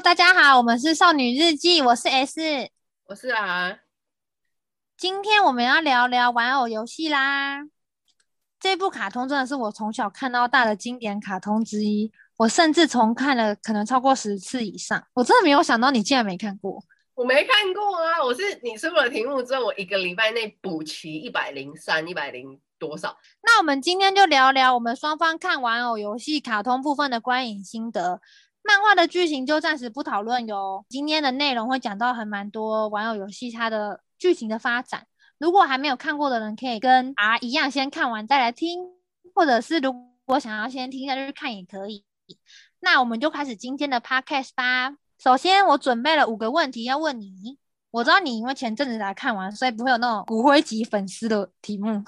大家好，我們是少女日記，我是 S，我是啊。今天我們要聊聊玩偶遊戲啦。這部卡通真的是我從小看到大的經典卡通之一，我甚至從看了可能超過十次以上。我真的沒有想到你竟然沒看過，我沒看過啊，我是你出了題目之後，我一個禮拜內補齊一百零三、一百零多少。那我們今天就聊聊我們雙方看玩偶遊戲卡通部分的觀影心得。漫畫的劇情就暫時不討論喲。今天的內容會講到還蠻多玩偶遊戲它的劇情的發展。如果還沒有看過的人，可以跟 R 一樣先看完再來聽，或者是如果想要先聽下去看也可以。那我們就開始今天的 podcast 吧。首先，我準備了五個問題要問你。我知道你因為前陣子才看完，所以不會有那種骨灰級粉絲的題目。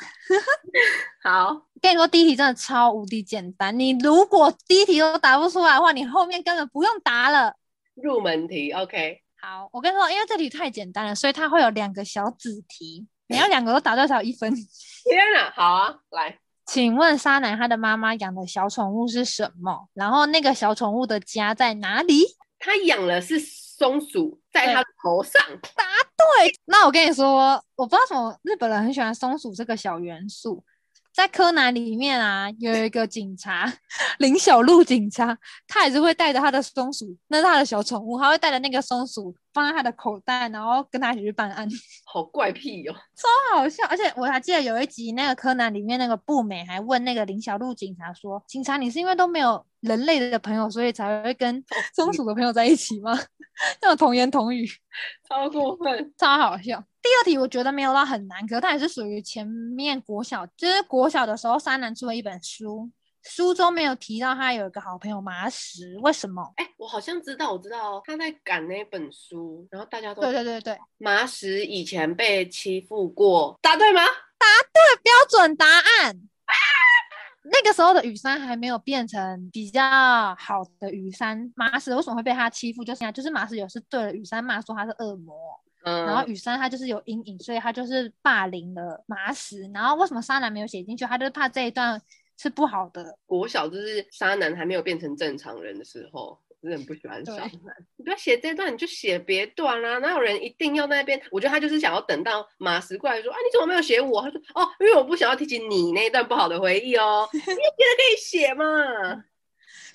好，跟你說，第一題真的超無敵簡單。你如果第一題都答不出來的話，你後面根本不用答了。入門題，OK。好，我跟你說，因為這題太簡單了，所以它會有兩個小子題，你要兩個都答對才有一分。 天哪、啊，好啊，來，請問紗南他的媽媽養的小寵物是什麼？然後那個小寵物的家在哪裡？他養的是。松鼠在它的頭上。答對。那我跟你說，我不知道什麼日本人很喜歡松鼠這個小元素。在柯南裡面啊，有一個警察 林小璐警察，他也是會帶着他的松鼠，那是他的小寵物，他會帶着那個松鼠放在他的口袋，然後跟他一起去辦案。好怪癖喲、哦，超好笑！而且我還記得有一集，那個柯南裡面那個步美還問那個林小璐警察說：“警察，你是因為都沒有人類的朋友，所以才會跟松鼠的朋友在一起嗎？”那 種童言童語，超過分，超好笑。第二題我覺得沒有到很難，可是它也是屬於前面國小，就是國小的時候紗南出了一本書，書中沒有提到他有一個好朋友麻石，為什麼？哎、欸，我好像知道，我知道他在趕那本書，然後大家都對對對麻石以前被欺負過，答對嗎？答對，標準答案、啊。那個時候的羽山還沒有變成比較好的羽山，麻石為什麼會被他欺負？就是啊，就是麻石有時對羽山罵說他是惡魔。嗯，然後羽山她就是有陰影，所以他就是霸凌了馬石。然後為什麼紗南沒有寫進去？他就是怕這一段是不好的。國小就是紗南還沒有變成正常人的時候，我真的很不喜歡紗南。你不要寫這段，你就寫別段啦、啊。哪有人一定要在那邊？我覺得他就是想要等到馬石過來說：“啊，你怎麼沒有寫我？”他說：“哦，因為我不想要提起你那一段不好的回憶哦。 ”你也覺得可以寫嘛？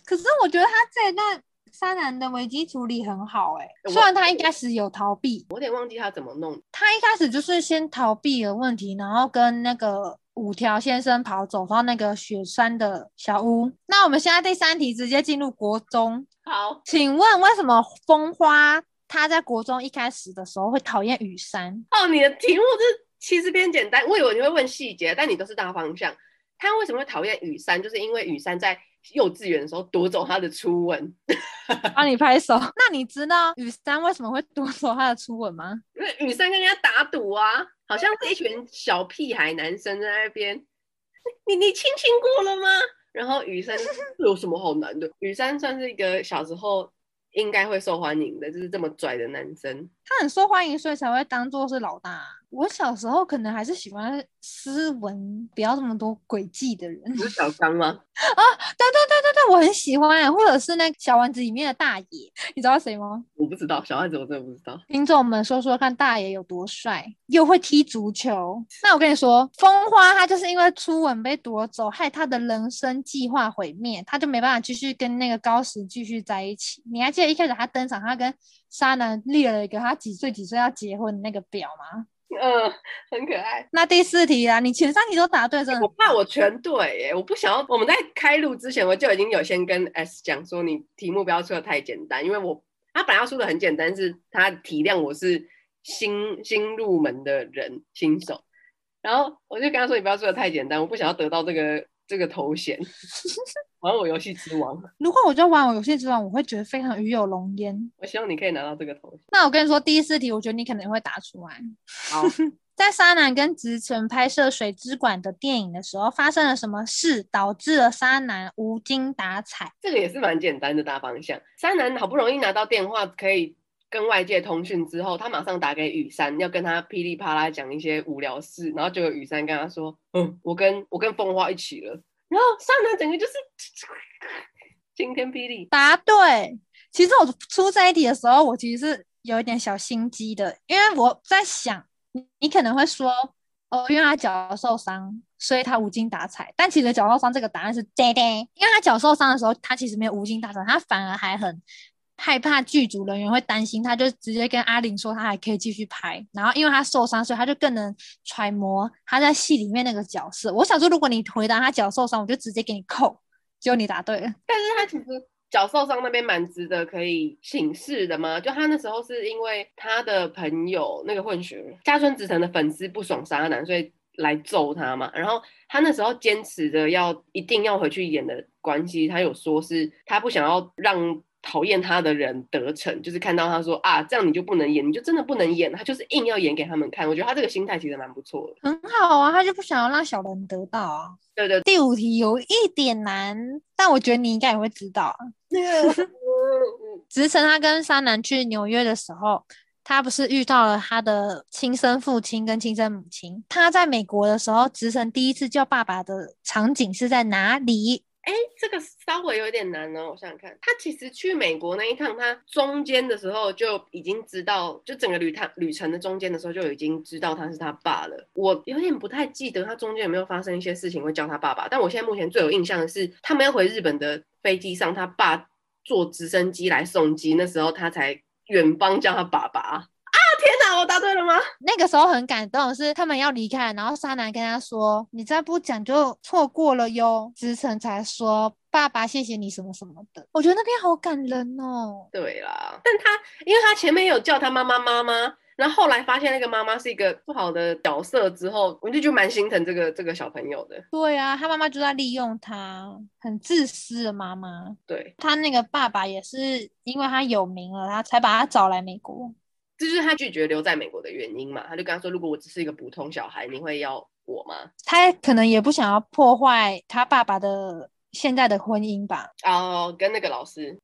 可是我覺得他在那。紗南的危機處理很好誒、欸，雖然他一開始有逃避，我，我有點忘記他怎麼弄。他一開始就是先逃避了問題，然後跟那個五條先生跑走，到那個雪山的小屋。那我們現在第三題直接進入國中。好，請問為什麼風花他在國中一開始的時候會討厭羽山？哦，你的題目是其實偏簡單，我以為你會問細節，但你都是大方向。他為什麼會討厭羽山？就是因為羽山在。幼稚園的時候奪走他的初吻，幫你拍手。 那你知道羽山為什麼會奪走他的初吻嗎？因為羽山跟人家打賭啊，好像是一群小屁孩男生在那邊。 你你親親過了嗎？然後羽山 有什麼好難的？羽山算是一個小時候。應該會受歡迎的，就是這麼拽的男生，他很受歡迎，所以才會當做是老大。我小時候可能還是喜歡斯文，不要這麼多詭計的人。你是小三嗎？啊，等等。那我很喜歡，或者是那小丸子裡面的大爺，你知道誰嗎？我不知道小丸子，我真的不知道。聽眾們說說看，大爺有多帥，又會踢足球。那我跟你說，風花他就是因為初吻被奪走，害他的人生計劃毀滅，他就沒辦法繼續跟那個高石繼續在一起。你還記得一開始他登場，他跟沙男列了一個他幾歲幾歲要結婚的那個表嗎？嗯，很可愛。那第四題啊，你前三題都答對是不是？真的。欸。我怕我全對，欸，我不想要。我們在開錄之前，我就已經有先跟 S 講說，你題目不要出的太簡單，因為我他本來要出的很簡單，是他體諒我是新新入門的人新手，然後我就跟他說，你不要做的太簡單，我不想要得到這個。這個頭銜，玩偶遊戲之王。 如果我就玩偶遊戲之王，我會覺得非常與有榮焉。我希望你可以拿到這個頭銜。那我跟你說，第四題，我覺得你可能會答出來。好。 在紗南跟直澄拍攝水之館的電影的時候，發生了什麼事導致了紗南無精打采？這個也是蠻簡單的大方向。紗南好不容易拿到電話，可以。跟外界通訊之後，他馬上打給羽山，要跟他噼里啪啦講一些無聊事，然後結果羽山跟他說：“嗯，我跟我跟風花一起了。”然後上來整個就是晴天霹靂。答對，其實我出這一題的時候，我其實是有一點小心機的，因為我在想，你可能會說：“哦，因為他腳受傷，所以他無精打采。”但其實腳受傷這個答案是不對，因為他腳受傷的時候，他其實沒有無精打采，他反而還很。害怕劇組人員會擔心，他就直接跟阿玲說他還可以繼續拍。然後因為他受傷，所以他就更能揣摩他在戲裡面那個角色。我想說，如果你回答他腳受傷，我就直接給你扣。結果，你答對了。但是他其實腳 受傷那邊蠻值得可以請示的嘛，就他那時候是因為他的朋友那個混血加村直澄的粉絲不爽紗南，所以來揍他嘛。然後他那時候堅持着要一定要回去演的關係，他有說是他不想要讓。討厭他的人得逞，就是看到他說啊，這樣你就不能演，你就真的不能演，他就是硬要演給他們看。我覺得他這個心態其實蠻不錯的，很好啊，他就不想要讓小人得到啊。對對，對。第五題有一點難，但我覺得你應該也會知道那個， 直澄他跟紗南去紐約的時候，他不是遇到了他的親生父親跟親生母親。他在美國的時候，直澄第一次叫爸爸的場景是在哪裡？哎、欸，這個稍微有點難呢、哦。我想想看，他其實去美國那一趟，他中間的時候就已經知道，就整個旅趟旅程的中間的時候就已經知道他是他爸了。我有點不太記得他中間有沒有發生一些事情會叫他爸爸。但我現在目前最有印象的是，他們要回日本的飛機上，他爸坐直升機來送機，那時候他才遠方叫他爸爸。哦，答對了嗎？那個時候很感動，是他們要離開，然後紗南跟他說：“你再不講就錯過了喲。”直澄才說：“爸爸，謝謝你什麼什麼的。”我覺得那邊好感人哦。對啦，但他因為他前面有叫他媽媽媽媽，然後後來發現那個媽媽是一個不好的角色之後，我就就蠻心疼這個這個小朋友的。對啊，他媽媽就在利用他，很自私的媽媽。對，他那個爸爸也是，因為他有名了，他才把他找來美國。這就是他拒絕留在美國的原因嘛？他就跟他說：“如果我只是一個普通小孩，你會要我嗎？”他可能也不想要破壞他爸爸的現在的婚姻吧。哦，跟那個老師，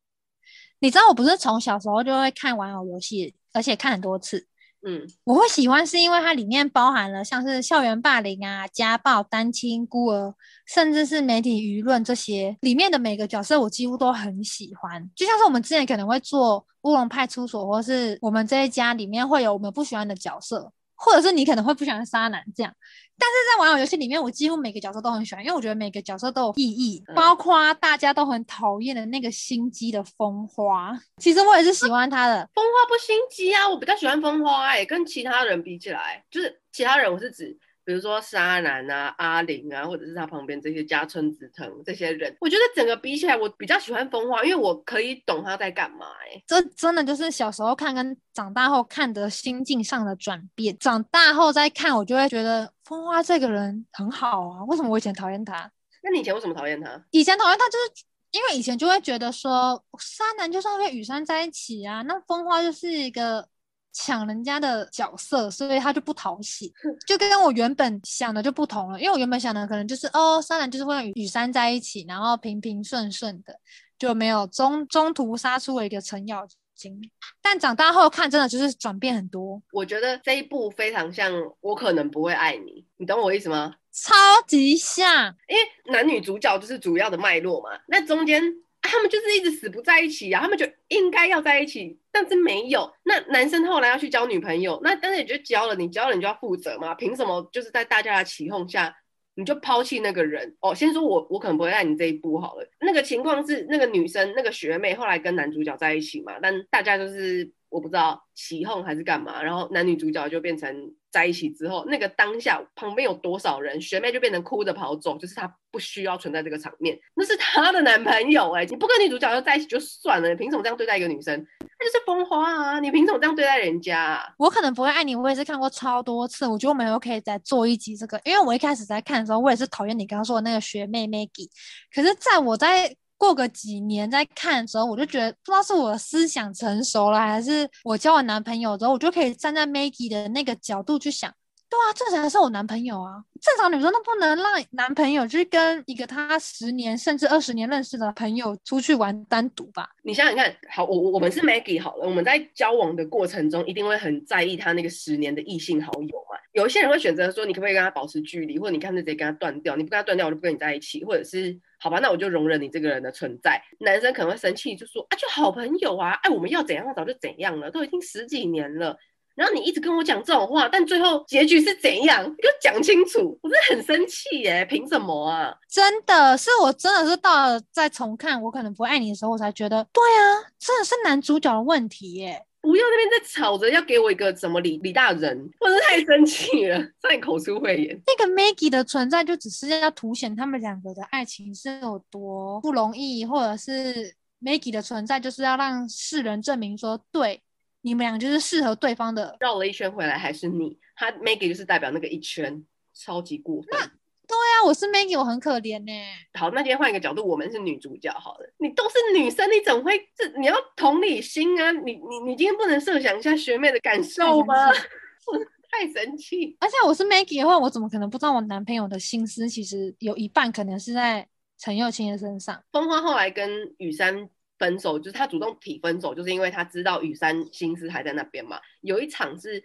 你知道，我不是從小時候就會看玩偶遊戲，而且看很多次。嗯，我會喜歡是因為它裡面包含了像是校園霸凌啊、家暴、單親孤兒，甚至是媒體輿論，這些裡面的每個角色，我幾乎都很喜歡。就像是我們之前可能會做，烏龍派出所或是我們這一家裡面會有我們不喜歡的角色，或者是你可能會不喜歡紗南這樣。但是在玩偶遊戲裡面，我幾乎每個角色都很喜歡，因為我覺得每個角色都有意義，嗯、包括大家都很討厭的那個心機的風花。其實我也是喜歡他的，啊、風花不心機啊，我比較喜歡風花哎、欸，跟其他人比起來，就是其他人，我是指。比如說紗南啊、阿玲啊，或者是他旁邊這些加村直澄這些人，我覺得整個比起來，我比較喜歡風花，因為我可以懂他在幹嘛、欸。這真的就是小時候看跟長大後看的心境上的轉變。長大後再看，我就會覺得風花這個人很好啊。為什麼我以前討厭他？那你以前為什麼討厭他？以前討厭他就是因為以前就會覺得說紗南就算跟羽山在一起啊，那風花就是一個。搶人家的角色，所以他就不討喜， 就跟我原本想的就不同了。因為我原本想的可能就是哦，紗南就是會跟羽羽山在一起，然後平平順順的，就沒有中中途殺出了一個程咬金。但長大後看，真的就是轉變很多。我覺得這一部非常像《我可能不會愛你》，你懂我意思嗎？超級像，因、欸、為男女主角就是主要的脈絡嘛，那中間。他們就是一直死不在一起呀，他們就應該要在一起，但是沒有。那男生後來要去交女朋友，那當然也就交了你。你交了，你就要負責嘛，憑什麼就是在大家的起哄下你就拋棄那個人？哦，先說我，我可能不會帶你這一步好了。那個情況是，那個女生那個學妹後來跟男主角在一起嘛，但大家都是。我不知道起鬨還是幹嘛，然後男女主角就變成在一起之後，那個當下旁邊有多少人，學妹就變成哭着跑走，就是她不需要存在這個場面，那是她的男朋友哎、欸，你不跟女主角就在一起就算了，你憑什麼這樣對待一個女生？她就是風花啊，你憑什麼這樣對待人家、啊？我可能不會愛你，我也是看過超多次，我覺得我們有可以再做一集這個，因為我一開始在看的時候，我也是討厭你剛剛說的那個學妹 Maggie，可是在我在。過個幾年再看的時候，我就覺得不知道是我思想成熟了，還是我交完男朋友之後，我就可以站在 Maggie 的那個角度去想。對啊，正常是我男朋友啊，正常女生都不能讓男朋友去跟一個他十年甚至二十年認識的朋友出去玩單獨吧？你想想看，好，我我我們是 Maggie 好了，我們在交往的過程中一定會很在意他那個十年的異性好友。有些人會選擇說，你可不可以跟他保持距離，或者你看直接跟他斷掉。你不跟他斷掉，我就不跟你在一起。或者是好吧，那我就容忍你這個人的存在。男生可能會生氣，就說啊，就好朋友啊，哎、啊，我們要怎樣那早就怎樣了，都已經十幾年了。然後你一直跟我講這種話，但最後結局是怎樣？你給我講清楚，我真的很生氣耶，憑什麼啊？真的是我，真的是到了再重看我可能不愛你的時候，我才覺得，對啊，真的是男主角的問題耶。不要在那邊吵着要給我一個什麼李李大仁，我真的太生氣了！在 你口出穢言。那個 Maggie 的存在就只是要凸顯他們兩個的愛情是有多不容易，或者是 Maggie 的存在就是要讓世人證明說，對你們倆就是適合對方的。繞了一圈回來還是你，他 Maggie 就是代表那個一圈，超級過分。那對啊，我是 Maggie，我很可憐呢、欸。好，那今天換一個角度，我們是女主角好了。你都是女生，你怎麼會這？你要同理心啊！你你你今天不能設想一下學妹的感受嗎？太神， 太神奇！而且我是 Maggie 的話，我怎麼可能不知道我男朋友的心思？其實有一半可能是在陳又青的身上。風花後來跟羽山分手，就是他主動提分手，就是因為他知道羽山心思還在那邊嘛。有一場是。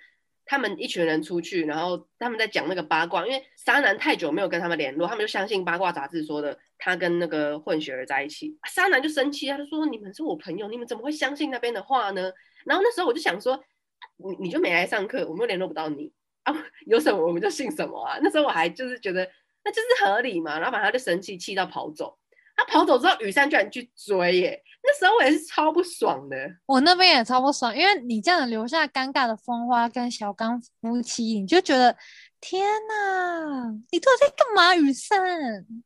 他們一群人出去，然後他們在講那個八卦，因為紗南太久沒有跟他們聯絡，他們就相信八卦雜誌說的他跟那個混血兒在一起。啊、紗南就生氣，他就說：“你們是我朋友，你們怎麼會相信那邊的話呢？”然後那時候我就想說：“你你就沒來上課，我們又聯絡不到你，啊，有什麼我們就信什麼啊？”那時候我還就是覺得，那就是合理嘛。然後反正他就生氣，氣到跑走。他跑走之後，羽山居然去追耶！那時候我也是超不爽的，我那邊也超不爽，因為你這樣留下尷尬的風花跟小剛夫妻，你就覺得天哪，你到底在幹嘛，羽山？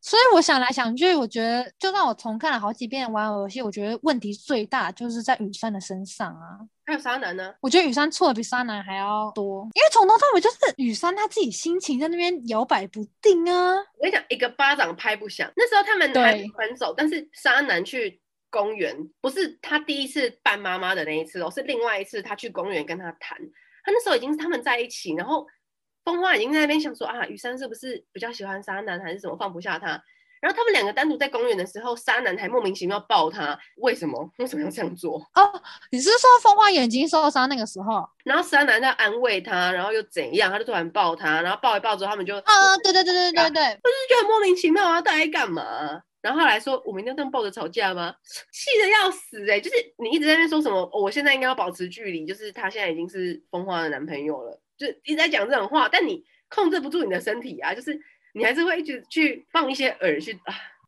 所以我想來想去，我覺得就算我重看了好幾遍玩偶遊戲，我覺得問題最大就是在羽山的身上啊。還有紗南呢、啊？我覺得羽山錯的比紗南還要多，因為從頭到尾就是羽山他自己心情在那邊搖擺不定啊。我跟你講，一個巴掌拍不響。那時候他們還沒分手，但是紗南去公園，不是他第一次扮媽媽的那一次哦，是另外一次他去公園跟他談。他那時候已經是他們在一起，然後風花已經在那邊想說啊，羽山是不是比較喜歡紗南，還是怎麼放不下他？然後他們兩個單獨在公園的時候，紗南還莫名其妙抱他，為什麼？為什麼要這樣做？哦，你是說風花眼睛受傷那個時候，然後紗南在安慰他，然後又怎樣？他就突然抱他，然後抱一抱之後，他們就啊，對對對對對對，對，對，就是覺得，莫名其妙啊，抱來幹嘛？然後，後來說我們一定要這樣抱着吵架嗎？氣得要死哎，欸！就是你一直在那邊說什麼，哦，我現在應該要保持距離，就是他現在已經是風花的男朋友了，就一直在講這種話，但你控制不住你的身體啊，就是。你還是會一直去放一些餌去，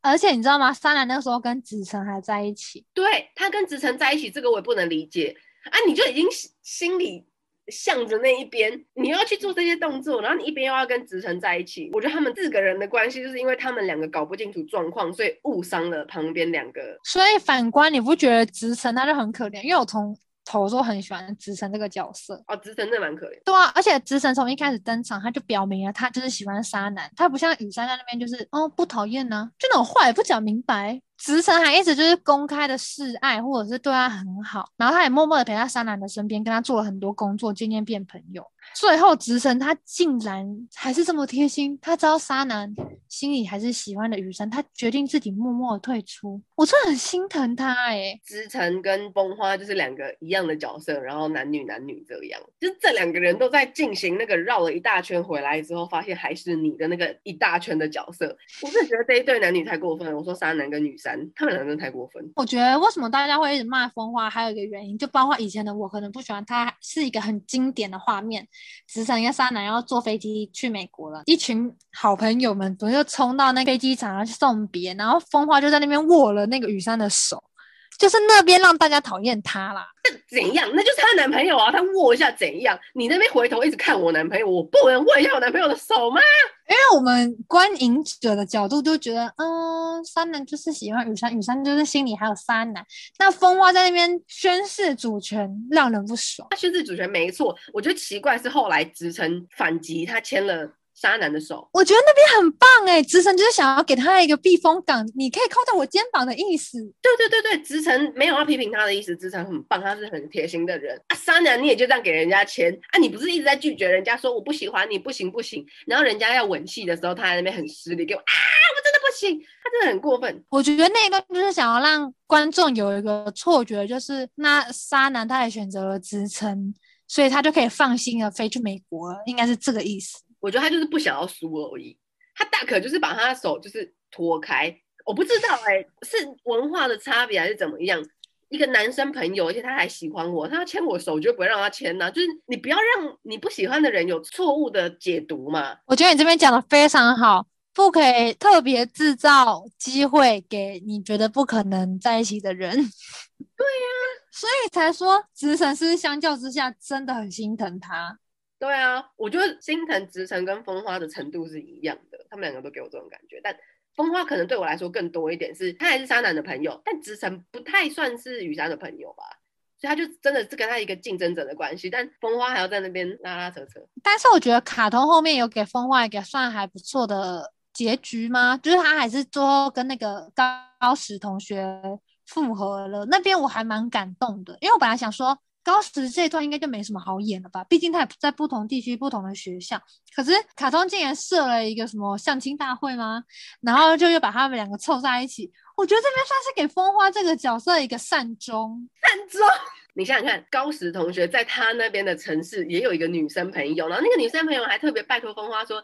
而且你知道嗎？紗南那個時候跟直澄還在一起，對，他跟直澄在一起，這個我也不能理解啊！你就已經心裡向着那一邊，你又要去做這些動作，然後你一邊又要跟直澄在一起，我覺得他們四個人的關係，就是因為他們兩個搞不清楚狀況，所以誤傷了旁邊兩個。所以反觀，你不覺得直澄他就很可憐？因為我從頭說很喜歡直澄這個角色哦，直澄真的蠻可憐。對啊，而且直澄從一開始登場，他就表明了他就是喜歡紗南，他不像羽山在那邊就是哦不討厭呢，就那種話也不講明白。直澄還一直就是公開的示愛，或者是對他很好，然後他也默默的陪在紗南的身邊，跟他做了很多工作，漸漸變朋友。最後直澄他竟然還是這麼貼心，他知道紗南。心裡還是喜歡的羽山，他決定自己默默的退出。我真的很心疼他哎、欸。直澄跟風花就是兩個一樣的角色，然後男女男女這樣，就這兩個人都在進行那個繞了一大圈回來之後，發現還是你的那個一大圈的角色。我是覺得這一對男女太過分了。我說渣男跟女三，他們兩個人太過分。我覺得為什麼大家會一直罵風花，還有一個原因就包括以前的我可能不喜歡他，是一個很經典的畫面，直澄跟渣男要坐飛機去美國了，一群好朋友們總要。衝到那飛機場去送別，然後風花就在那邊握了那個羽山的手，就是那邊讓大家討厭他啦。那怎樣？那就是他男朋友啊，他握一下怎樣？你那邊回頭一直看我男朋友，我不能握一下我男朋友的手嗎？因為我們觀影者的角度都覺得，嗯，紗南就是喜歡羽山，羽山就是心裡還有紗南。那風花在那邊宣示主權，讓人不爽。他宣示主權沒錯，我覺得奇怪是後來直城反擊，他簽了。紗南的手，我覺得那邊很棒哎、欸，直澄就是想要給他一個避風港，你可以靠在我肩膀的意思。對對對對，直澄沒有要批評他的意思，直澄很棒，他是很貼心的人。啊，紗南你也就這樣給人家錢啊，你不是一直在拒絕人家說我不喜歡你，不行不行。然後人家要吻戲的時候，他在那邊很失禮，給我啊，我真的不行，他真的很過分。我覺得那一段就是想要讓觀眾有一個錯覺，就是那紗南他也選擇了直澄，所以他就可以放心的飛去美國，應該是這個意思。我覺得他就是不想要輸而已，他大可就是把他的手就是脫開。我不知道哎、欸，是文化的差別還是怎麼樣？一個男生朋友，而且他還喜歡我，他要牽我手我就不會讓他牽呢、啊？就是你不要讓你不喜歡的人有錯誤的解讀嘛。我覺得你這邊講的非常好，不可以特別制造機會給你覺得不可能在一起的人。對呀、啊，所以才說直澄是相較之下真的很心疼他。對啊，我覺得心疼直澄跟風花的程度是一樣的，他們兩個都給我這種感覺，但風花可能對我來說更多一點是，是他還是渣男的朋友，但直澄不太算是羽山的朋友吧，所以他就真的是跟他一個競爭者的關係，但風花還要在那邊拉拉扯扯。但是我覺得卡通後面有給風花一個算還不錯的結局嗎？就是他還是最後跟那個高石同學復合了，那邊我還蠻感動的，因為我本來想說。高石這一段應該就沒什麼好演了吧，畢竟他也在不同地區、不同的學校。可是卡通竟然設了一個什麼相親大會嗎？然後就又把他們兩個湊在一起。我覺得這邊算是給風花這個角色一個善終。善終。你想想看，高石同學在他那邊的城市也有一個女生朋友，然後那個女生朋友還特別拜託風花說：“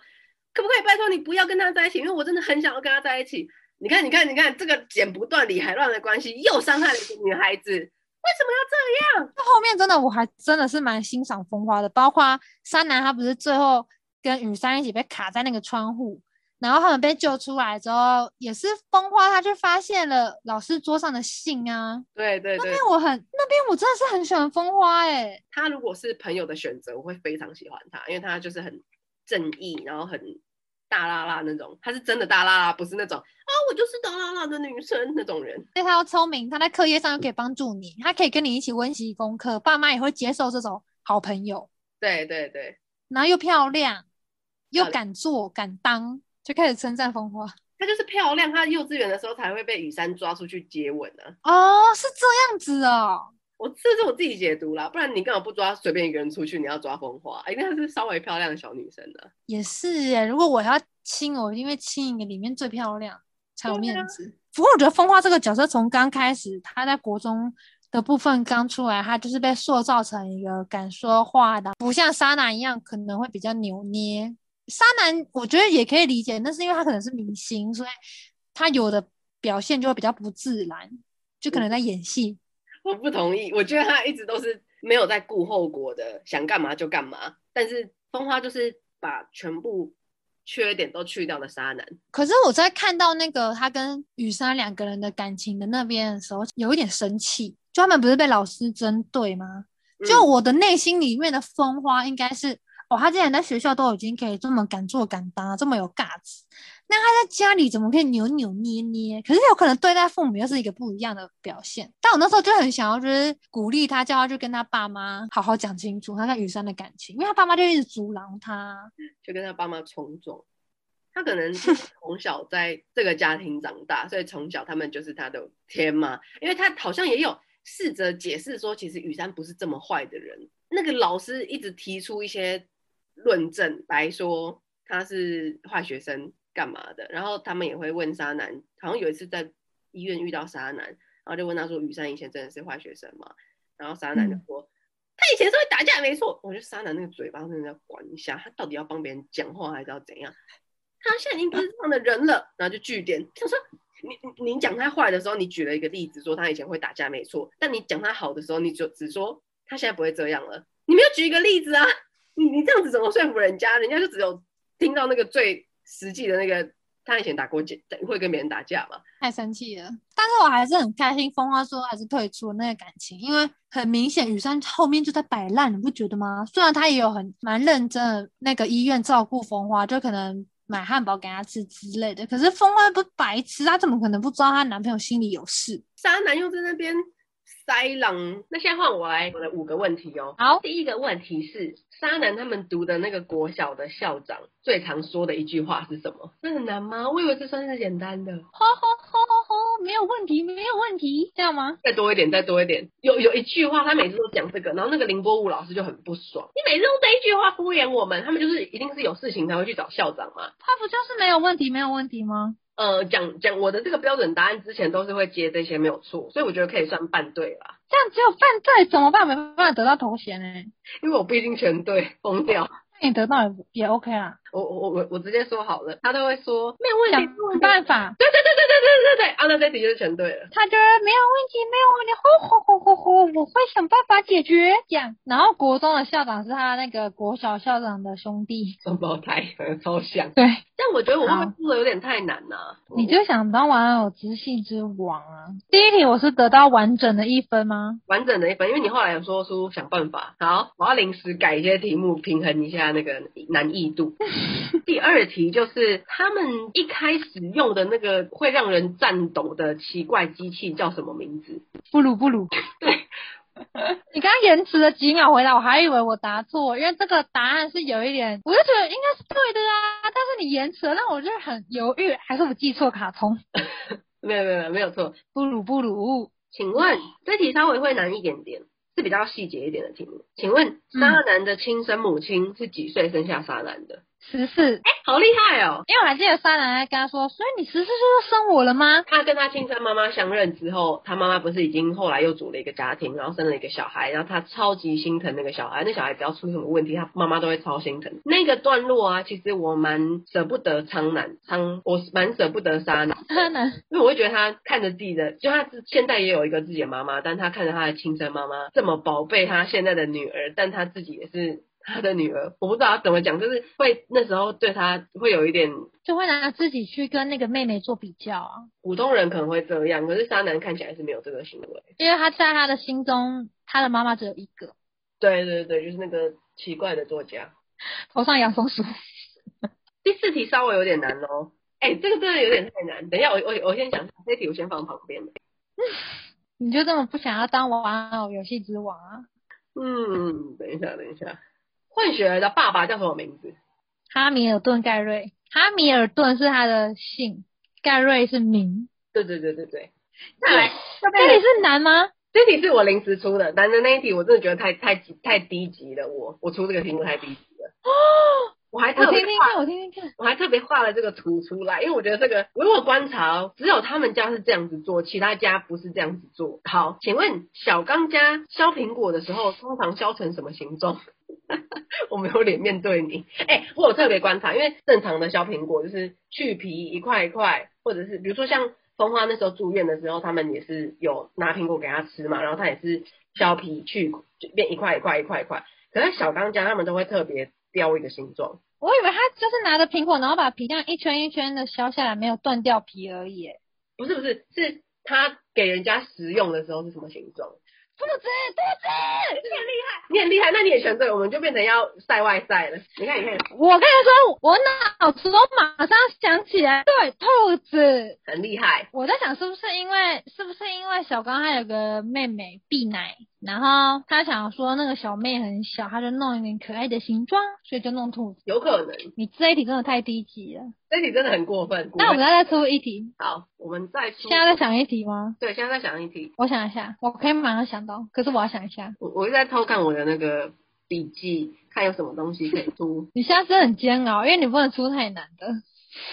可不可以拜託你不要跟他在一起？因為我真的很想要跟他在一起。”你看，你看，你看，這個剪不斷理還亂的關係，又傷害了一個女孩子。為什麼要這樣？那後面真的，我還真的是蠻欣賞風花的，包括紗南他不是最後跟羽山一起被卡在那個窗戶，然後他們被救出來之後，也是風花他就發現了老師桌上的信啊。對對，對，那邊我很，那邊我真的是很喜歡風花誒、欸、他如果是朋友的選擇，我會非常喜歡他，因為他就是很正義，然後很。大啦啦，那種，她是真的大啦啦，不是那種啊，我就是大啦啦的女生那種人。對，她要聰明，她在課業上又可以幫助你，她可以跟你一起溫習功課，爸媽也會接受這種好朋友。對對對，然後又漂亮，又敢做敢當，就開始稱讚風花。她就是漂亮，她幼稚園的時候才會被羽山抓出去接吻呢、啊。哦，是這樣子哦。我這是我自己解讀啦，不然你幹嘛不抓隨便一個人出去？你要抓風花，因為她是稍微漂亮的小女生的。也是耶，如果我要親，我因為親一個裡面最漂亮才有面子、啊。不過我覺得風花這個角色從剛開始她在國中的部分剛出來，她就是被塑造成一個敢說話的，不像紗南一樣可能會比較扭捏。紗南我覺得也可以理解，但是因為她可能是明星，所以她有的表現就會比較不自然，就可能在演戲。嗯我不同意，我覺得他一直都是沒有在顧後果的，想幹嘛就幹嘛。但是風花就是把全部缺點都去掉的渣男。可是我在看到那個他跟羽山兩個人的感情的那邊的時候，有一點生氣。就他們不是被老師針對嗎？就我的內心裡面的風花應該是、嗯，哦，他竟然在學校都已經可以這麼敢做敢當，這麼有價值。那他在家裡怎麼可以扭扭捏捏？可是有可能對待父母又是一個不一樣的表現。但我那時候就很想要，就是鼓勵他，叫他去跟他爸媽好好講清楚他跟羽山的感情，因為他爸媽就一直阻撓他，就跟他爸媽衝撞。他可能從小在這個家庭長大， 所以從小他們就是他的天嘛，因為他好像也有試着解釋說，其實羽山不是這麼壞的人。那個老師一直提出一些論證來說他是壞學生。幹嘛的？然後他們也會問紗南，好像有一次在醫院遇到紗南，然後就問他說：“羽山以前真的是壞學生嗎？”然後紗南就說：“嗯、他以前是會打架，沒錯。”我覺得紗南那個嘴巴真的要管一下，他到底要幫別人講話，還是要怎樣？他現在已經不是這樣的人了。啊、然後就句點，他說：“你你你講他壞的時候，你舉了一個例子說他以前會打架，沒錯。但你講他好的時候，你就只說他現在不會這樣了。你沒有舉一個例子啊？你你這樣子怎麼說服人家？人家就只有聽到那個最……”實際的那個，他以前打過架，會跟別人打架嘛？太生氣了，但是我還是很開心。風花說還是退出那個感情，因為很明顯羽山後面就在擺爛，你不覺得嗎？雖然他也有很蠻認真的，那個醫院照顧風花，就可能買漢堡給他吃之類的，可是風花不白痴，她怎麼可能不知道她男朋友心裡有事？渣男又在那邊。災難。那現在換我來我的五個問題哦。好，第一個問題是沙南他們讀的那個國小的校長最常說的一句話是什麼？那很難嗎？我以為這算是簡單的。吼吼吼吼，沒有問題，沒有問題，這樣嗎？再多一點，再多一點。有有一句話，他每次都講這個，然後那個林波武老師就很不爽，你每次用這一句話敷衍我們，他們就是一定是有事情才會去找校長嘛。他不就是沒有問題，沒有問題嗎？呃，講講我的這個標準答案之前都是會接這些沒有錯，所以我覺得可以算半對啦。這樣只有半對怎麼辦？沒辦法得到頭銜呢、欸，因為我不一定全對，瘋掉。那你得到也，也 OK 啊。我我我我直接說好了，他都會說沒有問題，想辦法。對對對對對對對對、啊，那這題就是全對了。他覺得沒有問題，沒有問題，吼吼吼吼吼，我會想辦法解決。這樣，然後國中的校長是他那個國小校長的兄弟，雙胞胎超像。對，但我覺得我們做的有點太難了、啊哦。你就想當玩偶知性之王啊？第一題我是得到完整的一分嗎？完整的一分，因為你後來有說出想辦法。好，我要臨時改一些題目，平衡一下那個難易度。 第二題就是他們一開始用的那個會讓人顫抖的奇怪機器叫什麼名字？布魯布魯。 對，你剛剛延遲了幾秒回來，我還以為我答錯，因為這個答案是有一點，我就覺得應該是對的啊。但是你延遲了，那我就很猶豫，還是我記錯卡通？ 沒有沒有沒有錯，布魯布魯。請問這題稍微會難一點點，是比較細節一點的題目。請問紗南的親生母親是幾歲生下紗南的？十四，哎、欸，好厲害哦、喔！因、欸、為我還記得紗南在跟他說，所以你十四歲就生我了嗎？他跟他親生媽媽相認之後，他媽媽不是已經後來又組了一個家庭，然後生了一個小孩，然後他超級心疼那個小孩，那小孩只要出什麼問題，他媽媽都會超心疼。那個段落啊，其實我蠻舍不得蒼蘭蒼，我蠻舍不得紗南，因為我會覺得他看着自己的，就他現在也有一個自己的媽媽，但他看着他的親生媽媽這麼寶貝他現在的女兒，但他自己也是。他的女兒，我不知道他怎麼講，就是會那時候對他會有一點，就會拿自己去跟那個妹妹做比較啊。普通人可能會這樣，可是渣男看起來是沒有這個行為，因為他在他的心中，他的媽媽只有一個。對對對，就是那個奇怪的作家，頭上養松鼠。 第四題稍微有點難哦，哎、欸，這個真的有點太難。等一下，我我我先想，這題我先放旁邊。你就這麼不想要當玩偶遊戲之王啊？嗯，等一下，等一下。混血兒的爸爸叫什麼名字？哈米爾頓蓋瑞，哈米爾頓是他的姓，蓋瑞是名。對對對對對。再來，這題是難嗎？這題是我臨時出的，難的那一題我真的覺得太太太低級了。我我出這個題目太低級了。哦，我還特別畫，我聽聽看，我聽聽看，我還特別畫了這個圖出來，因為我覺得這個我有觀察，只有他們家是這樣子做，其他家不是這樣子做。好，請問小剛家削蘋果的時候，通常削成什麼形狀？ 我沒有臉面對你。哎、欸，我有特別觀察，因為正常的削蘋果就是去皮一塊一塊，或者是比如說像風花那時候住院的時候，他們也是有拿蘋果給他吃嘛，然後他也是削皮去變一塊一塊一塊一塊。可是小當家他們都會特別雕一個形狀。我以為他就是拿着蘋果，然後把皮這樣一圈一圈的削下來，沒有斷掉皮而已。不是不是，是他給人家食用的時候是什麼形狀？兔子，兔子，你很厲害， 你很厲害，那你也選對，我們就變成要塞外塞了。你看，你看，我跟你說，我腦子都馬上想起來，對，兔子，很厲害。我在想，是不是因為，是不是因為小剛他有個妹妹 b 奶，然後他想說那個小妹很小，他就弄一點可愛的形狀，所以就弄兔子。有可能，你這一題真的太低級了，這一題真的很過分。過分，那我們再來出一題，好。我們再，現在在想一題嗎？對，現在在想一題。我想一下，我可以馬上想到，可是我要想一下。我我一直在偷看我的那個筆記，看有什麼東西可以出。 你現在是很煎熬，因為你不能出太難的。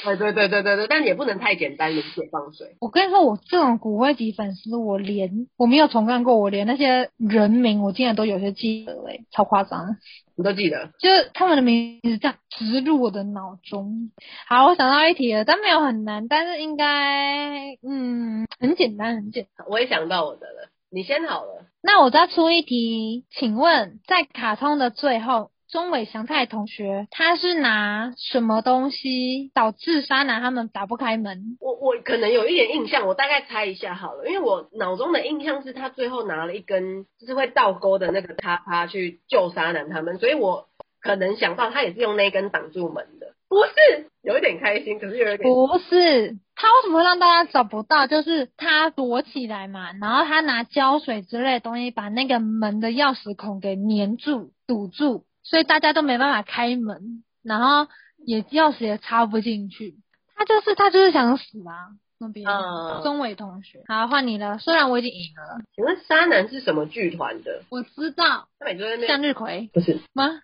對、哎、對對對對對，但是也不能太簡單，零解放水。我跟你說，我這種骨灰級粉絲，我連我沒有重看過，我連那些人名我竟然都有些記得了、欸，誒超誇張。我都記得，就是他們的名字，這樣植入我的腦中。好，我想到一題了，但沒有很難，但是應該嗯很簡單，很簡單。我也想到我的了，你先好了。那我再出一題，請問在卡通的最後。中偉祥太同學，他是拿什麼東西導致紗南他們打不開門？我我可能有一點印象，我大概猜一下好了，因為我腦中的印象是他最後拿了一根就是會倒鈎的那個叉叉去救紗南他們，所以我可能想到他也是用那根擋住門的。不是，有一點開心，可是有點不是。他為什麼會讓大家找不到？就是他躲起來嘛，然後他拿膠水之類的東西把那個門的鑰匙孔給粘住堵住。所以大家都沒辦法開門，然後也鑰匙也插不進去。他就是他就是想死吧、啊，那邊鍾偉同學。好，換你了。雖然我已經贏了。請問紗南是什麼劇團的？我知道。他每次在那向日葵不是嗎？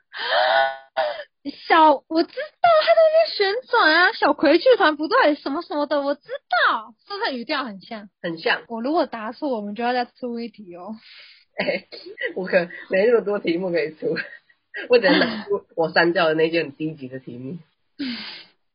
小，我知道，他在那邊旋轉啊。小葵劇團不對，什麼什麼的，我知道。是不是語調很像？很像。我如果答錯，我們就要再出一題哦。哎、欸，我可沒那麼多題目可以出。我等我我刪掉了那件低級的題目。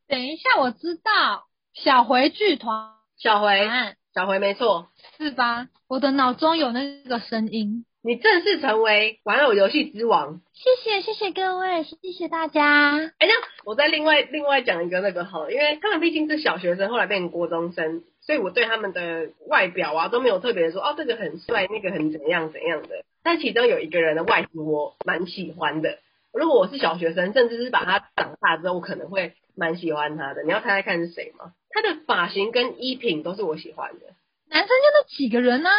等一下，我知道小回劇團，小回，小回沒錯，是吧？我的腦中有那個聲音。你正式成為玩偶遊戲之王。謝謝謝謝各位，謝謝大家。哎、欸、那我再另外另外講一個那個好，因為他們畢竟是小學生，後來變成國中生，所以我對他們的外表啊都沒有特別說哦，這個很帥，那個很怎樣怎樣的。但其中有一個人的外形我蠻喜歡的。如果我是小學生，甚至是把他長大之後，我可能會蠻喜歡他的。你要猜猜看是誰嗎？他的髮型跟衣品都是我喜歡的。男生就那幾個人啊。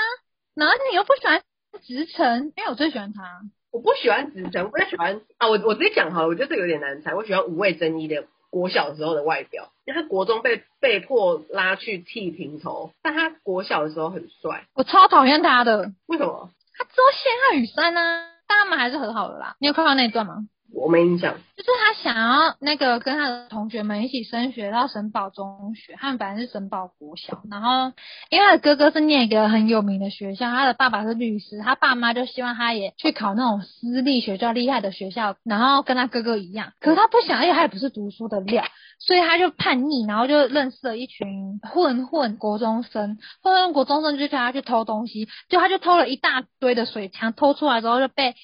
然後你又不喜歡直成，因為我最喜歡他。我不喜歡直成，我最喜歡啊！我我直接講哈，我覺得這個有點難猜。我喜歡五味真一的國小的時候的外表，因為他國中被被迫拉去剃平頭，但他國小的時候很帥。我超討厭他的，為什麼？啊、周現和羽山呢、啊，但他們還是很好的啦。你有看到那一段嗎？我沒印象，就是他想要那個跟他的同學們一起升學到省寶中學，他們本來是省寶國小，然後因為他的哥哥是念一個很有名的學校，他的爸爸是律師，他爸媽就希望他也去考那種私立學校、厲害的學校，然後跟他哥哥一樣，可是他不想，因為他也不是讀書的料，所以他就叛逆，然後就認識了一群混混國中生，混混國中生就叫他去偷東西，就他就偷了一大堆的水槍，偷出來之後就被。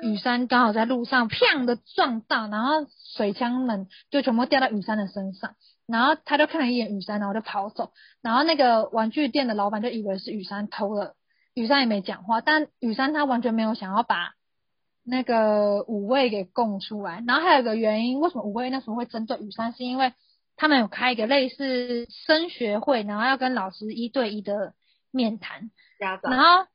雨山剛好在路上，砰的撞到，然後水槍們就全部掉到雨山的身上，然後他就看了一眼雨山，然後就跑走。然後那個玩具店的老闆就以為是雨山偷了，雨山也沒講話。但雨山他完全沒有想要把那個五位給供出來。然後還有個原因，為什麼五位那時候會針對雨山，是因為他們有開一個類似升學會，然後要跟老師一對一的面談。然後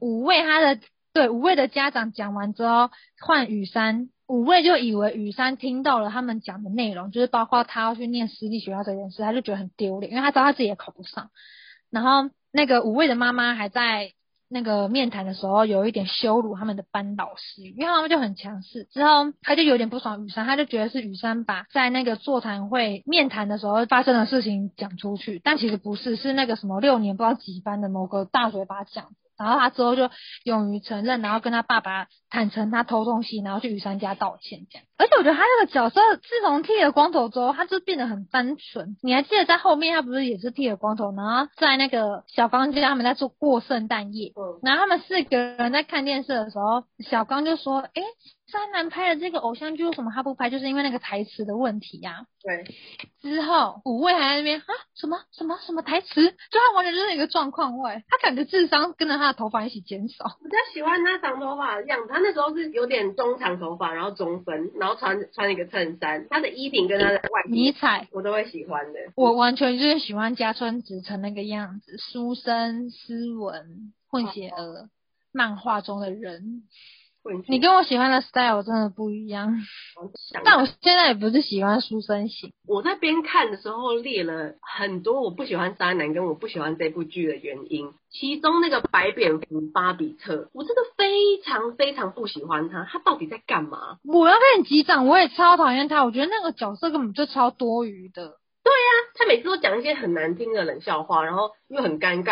五位他的。對五位的家長講完之後，換雨山，五位就以為雨山聽到了他們講的內容，就是包括他要去念私立學校這件事，他就覺得很丟臉，因為他知道他自己也考不上。然後那個五位的媽媽還在那個面談的時候有一點羞辱他們的班老師，因為他們就很強勢。之後他就有點不爽雨山，他就覺得是雨山把在那個座談會面談的時候發生的事情講出去，但其實不是，是那個什麼六年不知道幾班的某個大嘴巴講的。然後他之後就勇於承認，然後跟他爸爸坦誠他偷東西，然後去雨山家道歉這樣。而且我覺得他那個角色，自從剃了光頭之後，他就變得很單純。你還記得在後面他不是也是剃了光頭，然後在那個小剛家他們在做過聖誕夜，然後他們四個人在看電視的時候，小剛就說：“哎。”三男拍的這個偶像劇，為什麼他不拍？就是因為那個台詞的問題呀、啊。對。之後五位還在那邊啊，什麼什麼什麼台詞，就他完全就是一個狀況外，他感覺智商跟着他的頭髮一起減少。我比較喜歡他長頭髮的樣子，他那時候是有點中長頭髮，然後中分，然後穿穿一個襯衫，他的衣領跟他的外衣尼彩我都會喜歡的。我完全就是喜歡加村直澄那個樣子，書生、斯文、混血兒、啊、漫畫中的人。你跟我喜歡的 style 真的不一樣，但我現在也不是喜歡書生型。我在邊看的時候列了很多我不喜歡渣男跟我不喜歡這部劇的原因，其中那個白蝙蝠巴比特，我真的非常非常不喜歡他，他到底在幹嘛？我要跟你擊掌，我也超討厭他，我覺得那個角色根本就超多餘的。對呀、啊，他每次都講一些很難聽的冷笑話，然後又很尷尬，尷尬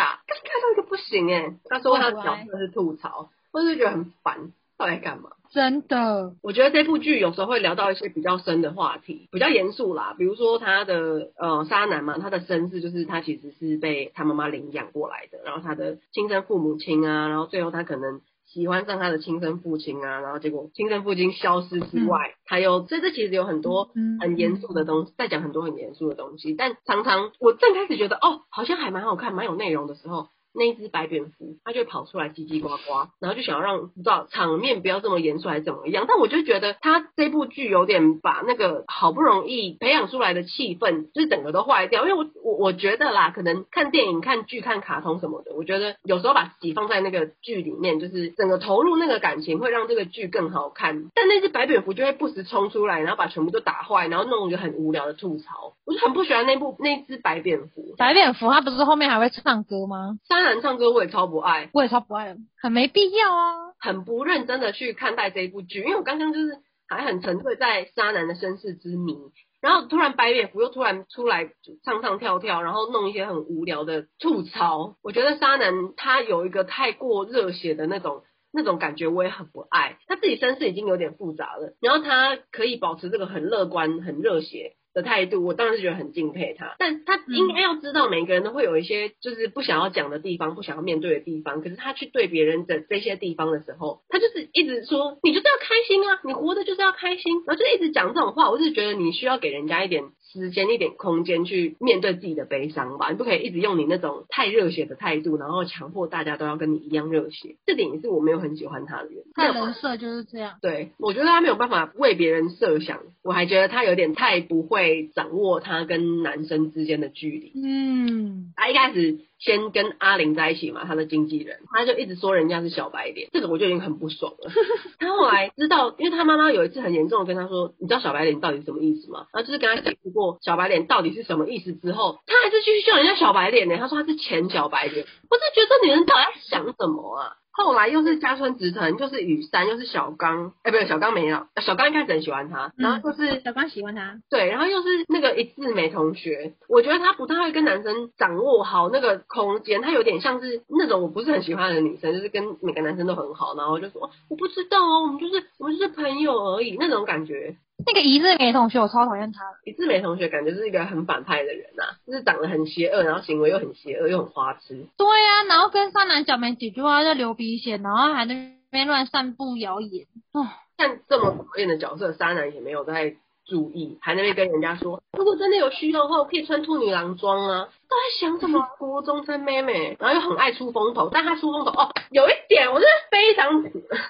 到就不行耶、欸。他說他的角色是吐槽，或是覺得很煩。要來幹嘛？真的，我覺得這部劇有時候會聊到一些比較深的話題，比較嚴肅啦。比如說他的呃紗南嘛，他的身世就是他其實是被他媽媽領養過來的，然後他的親生父母親啊，然後最後他可能喜歡上他的親生父親啊，然後結果親生父親消失之外，嗯、還有這這其實有很多很嚴肅的東西，嗯、在講很多很嚴肅的東西，但常常我正開始覺得哦，好像還蠻好看，蠻有內容的時候。那隻白蝙蝠，它就會跑出來嘰嘰呱呱，然後就想要讓不知道場面不要這麼嚴肅還是怎麼樣，但我就覺得它這部劇有點把那個好不容易培養出來的氣氛，就是整個都壞掉，因為我我我覺得啦，可能看電影、看劇、看卡通什麼的，我覺得有時候把自己放在那個劇裡面，就是整個投入那個感情，會讓這個劇更好看。但那隻白蝙蝠就會不時衝出來，然後把全部都打壞，然後弄一個很無聊的吐槽，我就很不喜歡那一部那隻白蝙蝠。白蝙蝠它不是後面還會唱歌嗎？然。紗南唱歌我也超不愛，我也超不愛，很沒必要啊，很不認真的去看待這一部劇，因為我剛剛就是還很沉醉在紗南的身世之謎，然後突然白臉譜又突然出來唱唱跳跳，然後弄一些很無聊的吐槽，嗯、我覺得紗南他有一個太過熱血的那種那種感覺，我也很不愛，他自己身世已經有點複雜了，然後他可以保持這個很樂觀很熱血。態度，我當然是覺得很敬佩他，但他應該要知道，每個人都會有一些就是不想要講的地方，不想要面對的地方。可是他去對別人的這些地方的時候，他就是一直說，你就是要開心啊，你活着就是要開心，然後就一直講這種話。我就覺得你需要給人家一點。時間一點空間去面對自己的悲傷吧，你不可以一直用你那種太熱血的態度，然後強迫大家都要跟你一樣熱血。這點也是我沒有很喜歡他的原因。他的人設就是這樣。對，我覺得他沒有辦法為別人設想，我還覺得他有點太不會掌握他跟男生之間的距離。嗯，他、啊、一開始，先跟阿玲在一起嘛，他的經紀人，他就一直說人家是小白臉，這個我就已經很不爽了。他後來知道，因為他媽媽有一次很嚴重的跟他說，你知道小白臉到底是什麼意思嗎？然後就是跟他解釋過小白臉到底是什麼意思之後，他還是繼續叫人家小白臉呢、欸。他說他是前小白臉，我是覺得女人到底在想什麼啊？後來又是嘉村直藤，就是雨山，又是小剛，哎、欸，不是小剛沒了，小剛一開始很喜歡他，然後就是、嗯、小剛喜歡他，對，然後又是那個一字眉同學，我覺得他不太會跟男生掌握好那個空間，他有點像是那種我不是很喜歡的女生，就是跟每個男生都很好，然後我就說我不知道哦、喔，我們就是我們就是朋友而已那種感覺。那個一字眉同學，我超討厭他。一字眉同學感覺是一個很反派的人吶、啊，就是長得很邪惡，然後行為又很邪惡，又很花痴。對呀、啊，然後跟紗南講沒幾句話就流鼻血，然後還在那邊亂散布謠言。哦，像這麼討厭的角色，紗南也沒有太注意，還在那邊跟人家說，如果真的有需要的話，我可以穿兔女郎裝啊。都在想什麼，國中生妹妹，然後又很愛出風頭，但他出風頭哦，有一點我真的非常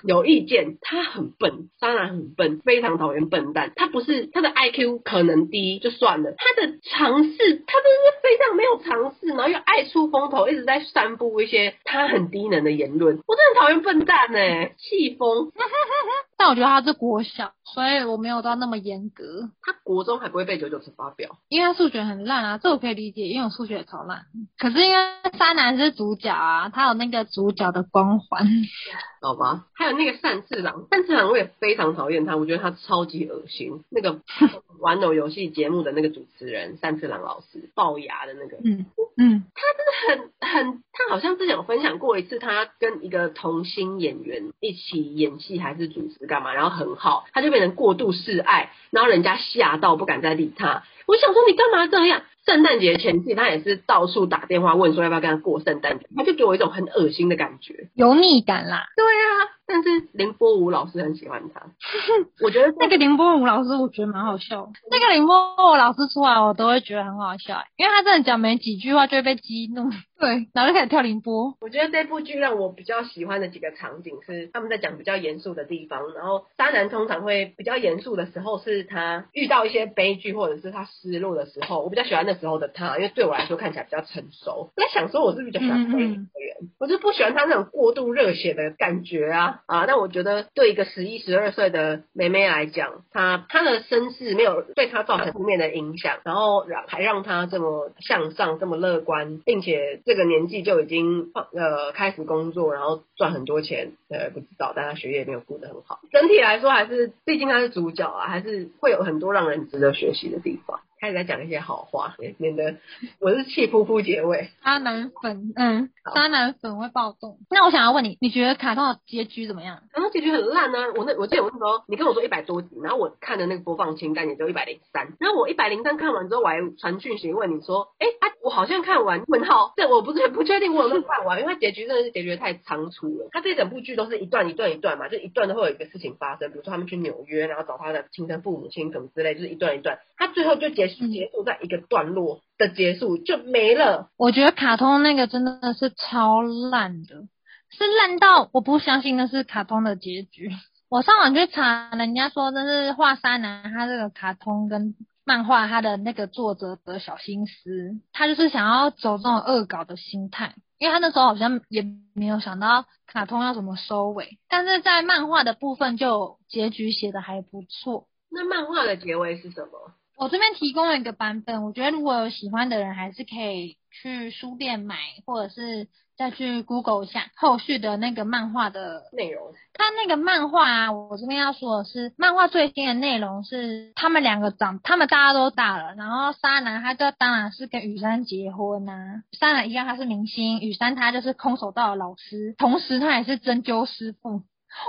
有意見，他很笨，當然很笨，非常討厭笨蛋。他不是他的 IQ 可能低就算了，他的嘗試他真的是非常沒有嘗試，然後又愛出風頭，一直在散布一些他很低能的言論。我真的討厭笨蛋呢、欸，氣瘋。 但我覺得他是國小，所以我沒有到那麼嚴格。他國中還不會背九九乘法表，因為他數學很爛啊，這我可以理解，因為我數學。卻超爛，可是因為渣男是主角啊，他有那個主角的光環，好嗎？還有那個善次郎，善次郎我也非常討厭他，我覺得他超級惡心。那個玩偶遊戲節目的那個主持人善 次郎老師，齙牙的那個，嗯嗯，他真的很很，他好像之前有分享過一次，他跟一個童星演員一起演戲還是主持幹嘛，然後很好，他就變成過度示愛，然後人家嚇到不敢再理他。我想說你幹嘛這樣？聖誕節前夕，他也是到處打電話問說要不要跟他過聖誕節，他就給我一種很噁心的感覺，油膩感啦。對啊。但是凌波舞老師很喜歡他，我覺得那個凌波舞老師，我覺得蠻好笑。那個凌波舞老師出來，我都會覺得很好笑，因為他真的講沒幾句話就會被激怒，對，然後就開始跳凌波。我覺得這部劇讓我比較喜歡的幾個場景是他們在講比較嚴肅的地方，然後渣男通常會比較嚴肅的時候是他遇到一些悲劇或者是他失落的時候，我比較喜歡那時候的他，因為對我來說看起來比較成熟。在想說我是比較喜歡內斂的人，我是不喜歡他那種過度熱血的感覺啊。啊，那我覺得對一個十一十二歲的妹妹來講，她她的身世沒有對她造成負面的影響，然後讓還讓她這麼向上，這麼樂觀，並且這個年紀就已經放呃開始工作，然後賺很多錢，呃不知道，但她學業也沒有過得很好。整體來說還是，畢竟她是主角啊，還是會有很多讓人值得學習的地方。開始在講一些好話，免得我是氣噗噗結尾。渣男粉，嗯，渣男粉會暴動。那我想要問你，你覺得卡通的結局怎麼樣？卡通結局很爛啊！我那我記得那時候你跟我說一百多集，然後我看的那個播放清單也就一百零三，然後我一百零三看完之後，我還傳訊息問你說，哎、欸啊，我好像看完問號，對，我不是不確定我有沒有看完， 因為結局真的是結局太倉促了。他這整部劇都是一段一段一段嘛，就一段都會有一個事情發生，比如說他們去紐約，然後找他的親生父母親什麼之類，就是一段一段。他最後就結。結束在一個段落的結束、嗯、就沒了。我覺得卡通那個真的是超爛的，是爛到我不相信那是卡通的結局。我上網去查，人家說這是畫沙男他這個卡通跟漫畫他的那個作者的小心思，他就是想要走這種惡搞的心態，因為他那時候好像也沒有想到卡通要怎麼收尾，但是在漫畫的部分就結局寫得還不錯。那漫畫的結尾是什麼？我這邊提供了一個版本，我覺得如果有喜歡的人，還是可以去書店買，或者是再去 Google 一下後續的那個漫畫的內容。他那個漫畫、啊，我這邊要說的是，漫畫最新的內容是他們兩個長，他們大家都大了，然後紗南他就當然是跟羽山結婚吶、啊。紗南一樣他是明星，羽山他就是空手道的老師，同時他也是針灸師傅。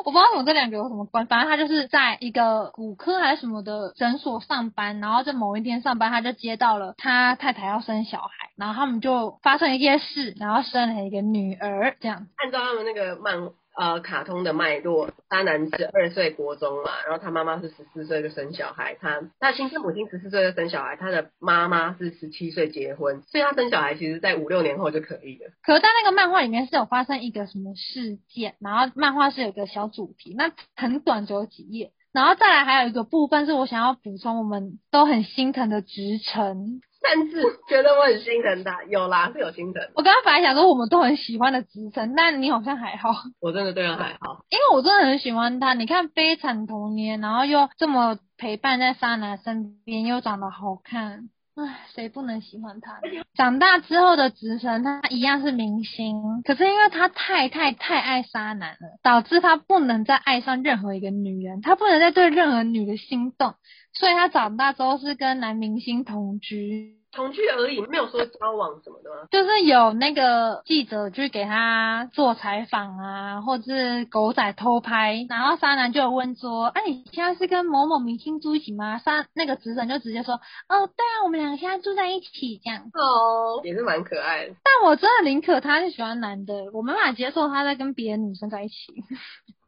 我不知道怎麼這兩個有什麼關，反正他就是在一個骨科還是什麼的診所上班，然後在某一天上班，他就接到了他太太要生小孩，然後他們就發生一件事，然後生了一個女兒，這樣，按照他們那個漫畫。呃，卡通的脈絡，渣男是二歲國中嘛，然後他媽媽是十四歲就生小孩，他他的親生母親十四歲就生小孩，他的媽媽是十七歲結婚，所以他生小孩其實在五六年後就可以了。可是在那個漫畫裡面是有發生一個什麼事件，然後漫畫是有一個小主題，那很短只有幾頁，然後再來還有一個部分是我想要補充，我們都很心疼的直澄。但是，覺得我很心疼他，有啦，是有心疼。我剛剛本來想說我們都很喜歡的直澄，但你好像還好。我真的對他還好，因為我真的很喜歡他。你看悲慘童年，然後又這麼陪伴在紗南身邊，又長得好看，唉，誰不能喜歡他？長大之後的直澄，他一樣是明星，可是因為他太太太愛紗南了，導致他不能再愛上任何一個女人，他不能再對任何女的心動。所以他長大之後，是跟男明星同居，同居而已，沒有說交往什麼的嗎？就是有那個記者去給他做採訪啊，或者是狗仔偷拍，然後渣男就有問說：“哎、啊，你現在是跟某某明星住一起嗎？”渣那個直男就直接說：“哦，對啊，我們兩個現在住在一起這樣。”哦，也是蠻可愛的。但我真的寧可，他是喜歡男的，我沒辦法接受他在跟別的女生在一起。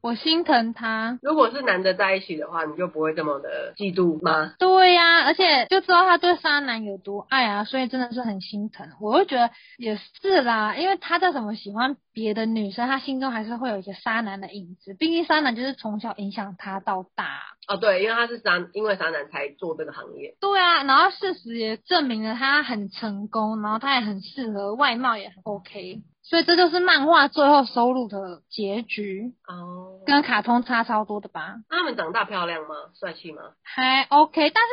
我心疼他。如果是男的在一起的話，你就不會這麼的嫉妒嗎？對呀、啊，而且就知道他對渣男有多愛啊，所以真的是很心疼。我會覺得也是啦，因為他再怎麼喜歡別的女生，他心中還是會有一個渣男的影子。畢竟渣男就是從小影響他到大。哦、啊，對，因為他是渣，因為渣男才做這個行業。對啊，然後事實也證明了他很成功，然後他也很適合，外貌也很 OK。所以這就是漫畫最後收入的結局哦，oh. 跟卡通差超多的吧、啊？他們長大漂亮嗎？帥氣嗎？還 OK，但是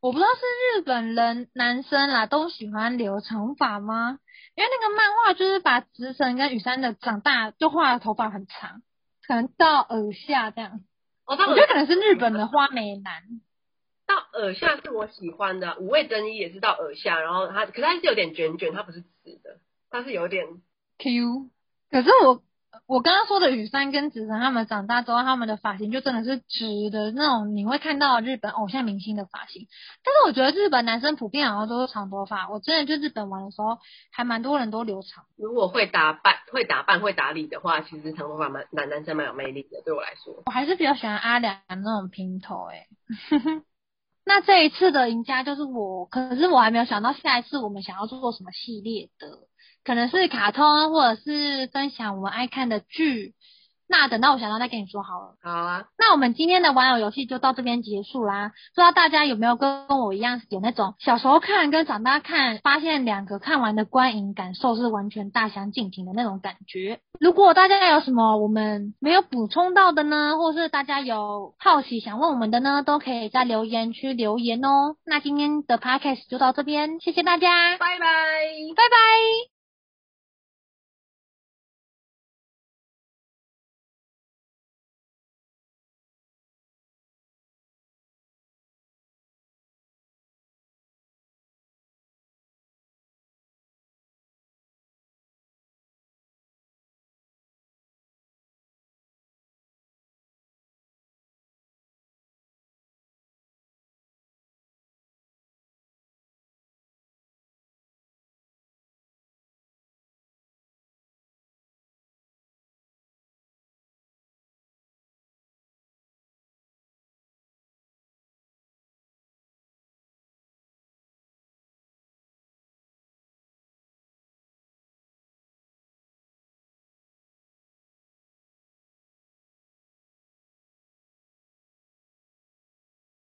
我不知道是日本人男生啦都喜歡留長髮嗎？因為那個漫畫就是把直澄跟羽山的長大就畫的頭髮很長，可能到耳下這樣。Oh, 我覺得可能是日本的花美男，到耳下是我喜歡的，五味真一也是到耳下，然後他可是他是有點卷卷，他不是直的，他是有點。Q，可是我我剛剛說的羽山跟直澄他們長大之後，他們的髮型就真的是直的那種，你會看到的日本偶像明星的髮型。但是我覺得日本男生普遍好像都是長頭髮，我之前去日本玩的時候，還蠻多人都留長。如果會打扮，會打扮，會打理的話，其實長頭髮蠻男男生蠻有魅力的。對我來說，我還是比較喜歡阿良那種平頭，欸。哎， 那這一次的贏家就是我，可是我還沒有想到下一次我們想要做做什麼系列的。可能是卡通，或者是分享我們愛看的劇。那等到我想到再跟你說好了。好啊。那我們今天的玩偶遊戲就到這邊結束啦。不知道大家有沒有跟跟我一樣，有那種小時候看跟長大看，發現兩個看完的觀影感受是完全大相徑庭的那種感覺？如果大家有什麼我們沒有補充到的呢，或是大家有好奇想問我們的呢，都可以在留言區留言哦。那今天的 podcast 就到這邊，謝謝大家，拜拜，拜拜。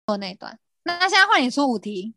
做那一段，那現在換你出五題。